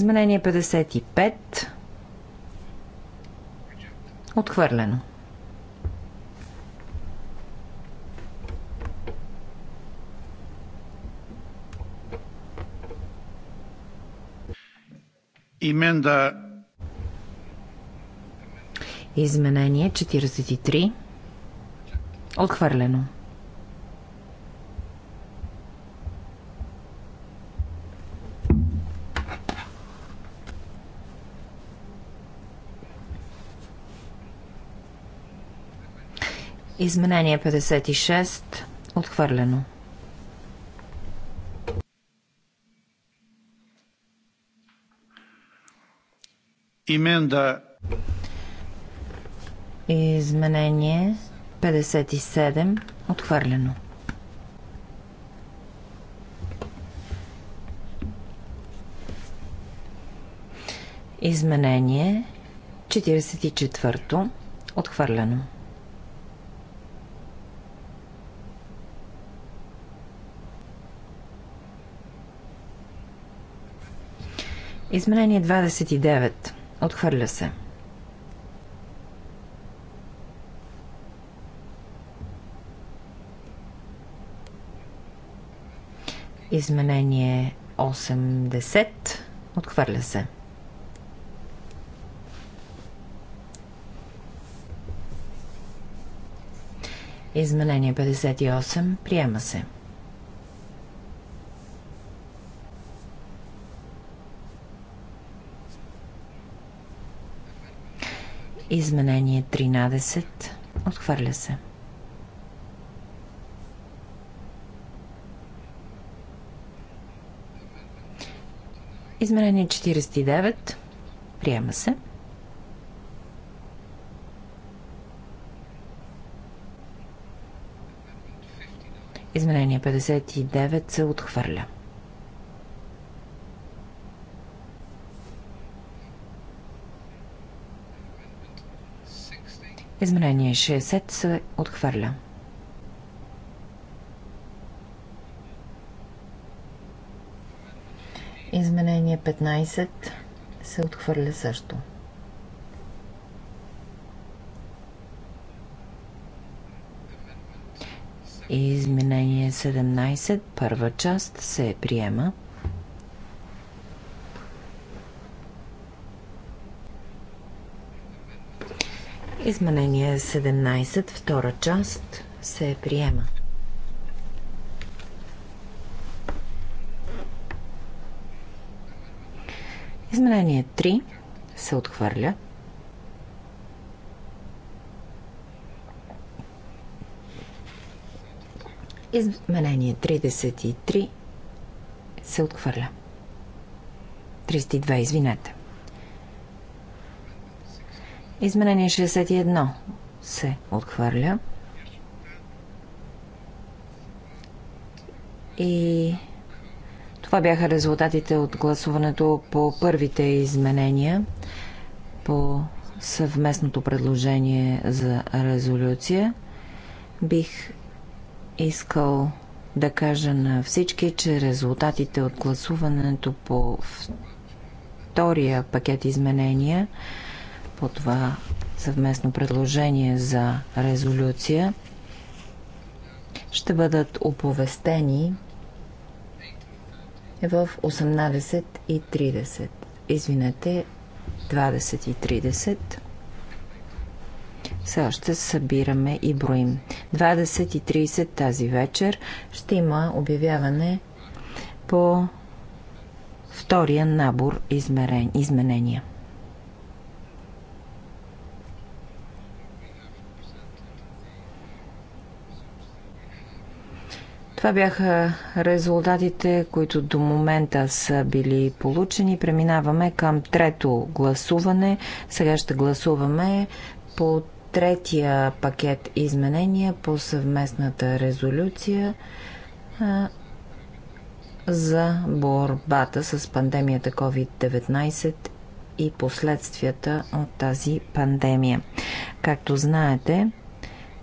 Изменение 55. Отхвърлено. Именда. Изменение 43. Отхвърлено. Изменение 56. Отхвърлено. Именда. Изменение 57. Отхвърлено. Изменение 44. Отхвърлено. Изменение 29. Отхвърля се. Изменение 80. Отхвърля се. Изменение 58. Приема се. Изменение 13. Отхвърля се. Изменение 49. Приема се. Изменение 59 се отхвърля. Изменение 60 се отхвърля. Изменение 15 се отхвърля също. Изменение 17, първа част, се приема. Изменение 17, втора част, се приема. Изменение 3 се отхвърля. Изменение 33 се отхвърля. 32, извинете. Изменение 61 се отхвърля. И това бяха резултатите от гласуването по първите изменения по съвместното предложение за резолюция. Бих искал да кажа на всички, че резултатите от гласуването по втория пакет изменения – по това съвместно предложение за резолюция ще бъдат оповестени в 18.30. Извинете, 20.30. Сега ще събираме и броим. 20.30 тази вечер ще има обявяване по втория набор измерен... изменения. Това бяха резултатите, които до момента са били получени. Преминаваме към трето гласуване. Сега ще гласуваме по третия пакет изменения по съвместната резолюция за борбата с пандемията COVID-19 и последствията от тази пандемия. Както знаете,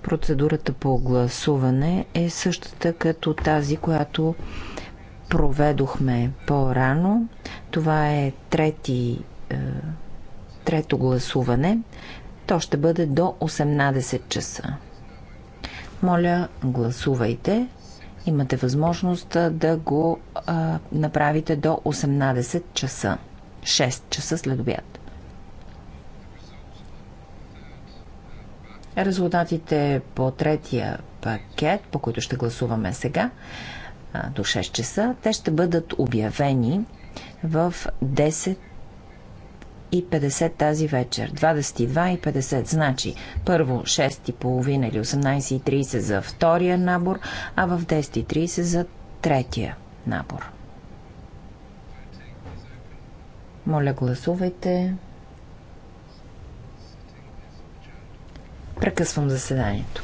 Процедурата по гласуване е същата като тази, която проведохме по-рано. Това е трети, е, трето гласуване. То ще бъде до 18 часа. Моля, гласувайте. Имате възможност да го е, направите до 18 часа. 6 часа след обяд. Резултатите по третия пакет, по които ще гласуваме сега, до 6 часа, те ще бъдат обявени в 10 и 50 тази вечер. 22 и 50. Значи, първо 6 и половина или 18 и 30 за втория набор, а в 10 и 30 за третия набор. Моля, гласувайте. Прекъсвам заседанието.